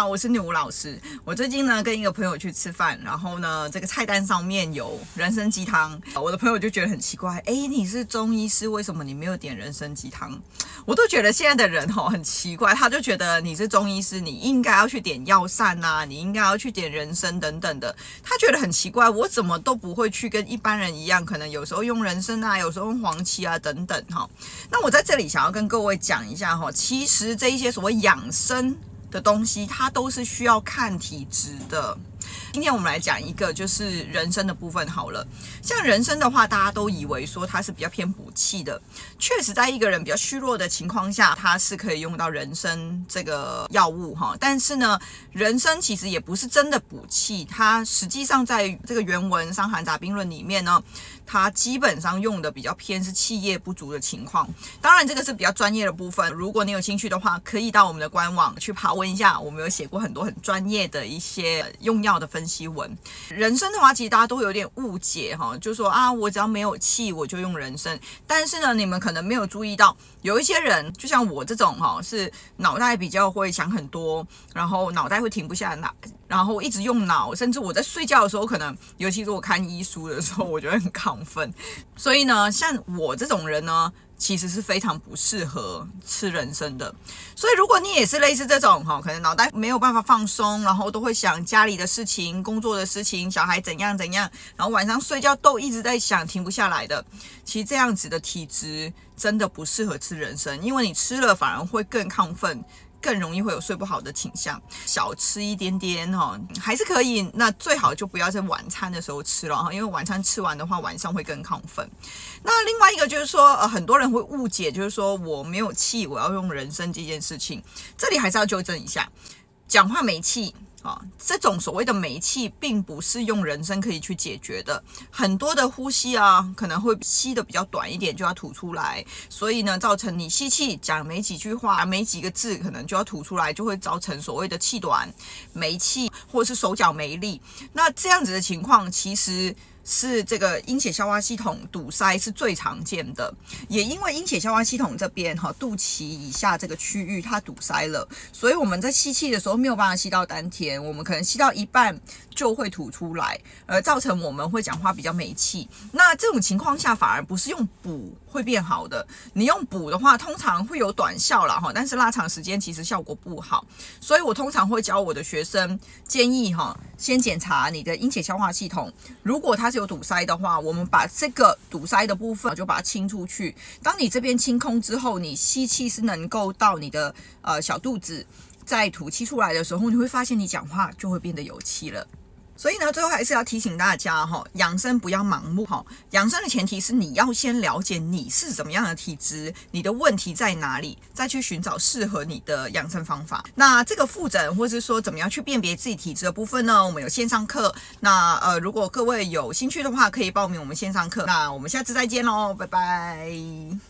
好，我是女巫老師。我最近呢跟一個朋友去吃飯，然後呢這個菜單上面有人參雞湯，我的朋友就覺得很奇怪，哎、欸，你是中醫師，為什麼你沒有點人參雞湯？我都覺得現在的人吼很奇怪，他就覺得你是中醫師，你應該要去點藥膳啊，你應該要去點人參等等的，他覺得很奇怪，我怎麼都不會去跟一般人一樣，可能有時候用人參啊，有時候用黃芪啊等等哈。那我在這裡想要跟各位講一下哈，其實這一些所謂養生。的東西，它都是需要看體質的。今天我們來講一個就是人參的部分好了，像人參的話，大家都以為說它是比較偏補氣的，確實，在一個人比較虛弱的情況下，它是可以用到人參這個藥物哈。但是呢，人參其實也不是真的補氣，它實際上在這個原文《傷寒雜病論》裡面呢，它基本上用的比較偏是氣液不足的情況。當然，這個是比較專業的部分，如果你有興趣的話，可以到我們的官網去爬文一下，我們有寫過很多很專業的一些用藥的分析。分析文，人參的話，其實大家都有點誤解哈、哦，就說啊，我只要沒有氣，我就用人參。但是呢，你們可能沒有注意到，有一些人，就像我這種哈、哦，是腦袋比較會想很多，然後腦袋會停不下來，然後一直用腦，甚至我在睡覺的時候，可能，尤其是我看醫書的時候，我覺得很亢奮。所以呢，像我這種人呢。其實是非常不適合吃人參的，所以如果你也是類似這種哈，可能腦袋沒有辦法放鬆，然後都會想家裡的事情、工作的事情、小孩怎樣怎樣，然後晚上睡覺都一直在想，停不下來的。其實這樣子的體質真的不適合吃人參，因為你吃了反而會更亢奮。更容易會有睡不好的傾向，少吃一點點哈、哦，還是可以。那最好就不要在晚餐的時候吃了哈，因為晚餐吃完的話，晚上會更亢奮。那另外一個就是說，呃，很多人會誤解，就是說我沒有氣，我要用人參這件事情，這裡還是要糾正一下，講話沒氣。啊、哦，這種所謂的沒氣，並不是用人參可以去解決的。很多的呼吸啊，可能會吸得比較短一點，就要吐出來，所以呢，造成你吸氣講沒幾句話、沒幾個字，可能就要吐出來，就會造成所謂的氣短、沒氣或者是手腳沒力。那這樣子的情況，其實。是這個陰血消化系統堵塞是最常見的。也因為陰血消化系統這邊哈，肚臍以下這個區域它堵塞了，所以我們在吸氣的時候沒有辦法吸到丹田，我們可能吸到一半就會吐出來。呃，而造成我們會講話比較沒氣。那這種情況下反而不是用補會變好的，你用補的話通常會有短效了哈，但是拉長時間其實效果不好，所以我通常會教我的學生建議哈，先檢查你的陰血消化系統，如果它是有堵塞的話，我們把這個堵塞的部分，就把它清出去。當你這邊清空之後，你吸氣是能夠到你的呃小肚子，再吐氣出來的時候，你會發現你講話就會變得有氣了。所以呢，最後還是要提醒大家哈，養生不要盲目哈。養生的前提是你要先了解你是怎麼樣的體質，你的問題在哪裡，再去尋找適合你的養生方法。那這個復診或是說怎麼樣去辨別自己體質的部分呢？我們有線上課，那呃，如果各位有興趣的話，可以報名我們線上課。那我們下次再見嘍，拜拜。